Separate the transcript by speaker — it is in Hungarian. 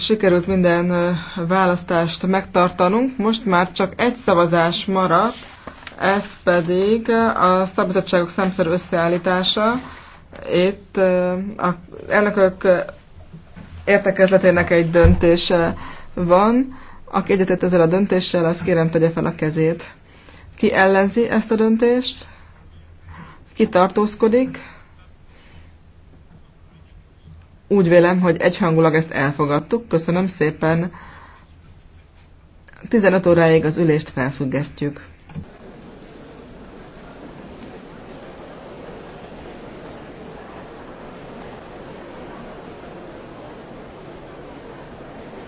Speaker 1: sikerült minden választást megtartanunk, most már csak egy szavazás maradt, ez pedig a szabizottságok számszerű összeállítása. Itt a elnökök értekezletének egy döntése van. Aki egyetett ezzel a döntéssel, az kérem tegye fel a kezét. Ki ellenzi ezt a döntést? Ki tartózkodik? úgy vélem, hogy egyhangulag ezt elfogadtuk. Köszönöm szépen. 15 óráig az ülést felfüggesztjük.